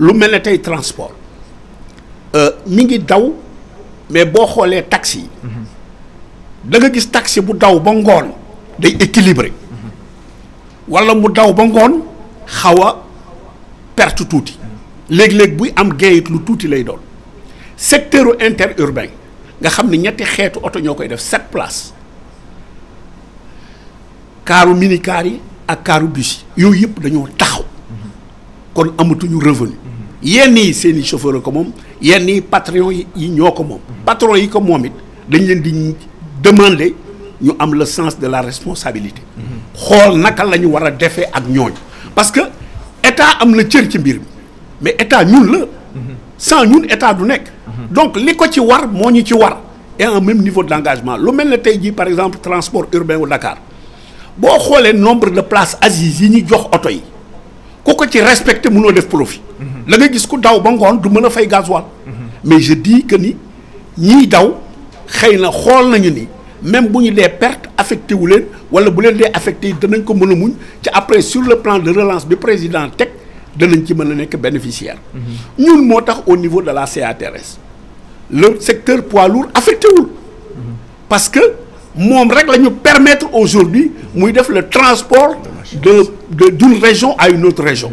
lu mel ne tey transport euh, mi ngi daw mais boo xoolee taxi yi da nga gis taxi bu daw ba ngoon day équilibré wala mu daw ba ngoon xaw a perte tuuti léeg-léeg buy am gain lu tuuti lay doon secteur interurbain nga xam ne ñetti xeetu oto ñoo def sept places kaaru minicar yi ak kaaru bus yi yooyu taxaw kon amatuñu yenni yi ni i chauffeur ko moom yenn yi patron yi ñoo ko patron yi ko momit dañ leen di demander ñu am le sens de la responsabilité xool naka lañu wara war ak parce que état am na cër ci mbir mais état ñun la sans ñun état du nek donc li ko ci war mo ñu ci war et un même niveau d'engagement lu mel le tey par exemple transport urbain au Dakar bo xolé nombre de places assises yi ñi jox auto yi ko ko ci respecté mënoo def profit la nga gis ku daw ne ngoon du faire de fay gasoil mais je dis que ni ni daw xëy na nañu ni même si les pertes affectées affecté les les wala bu leen dee affecté après sur le plan de relance du président Tech, ils ci mën pas bénéficiaire ñun moo au niveau de la CATRS le secteur poids lourd affecté wul parce que mon rek nous permettre aujourd'hui de def le transport de d'une région à une autre région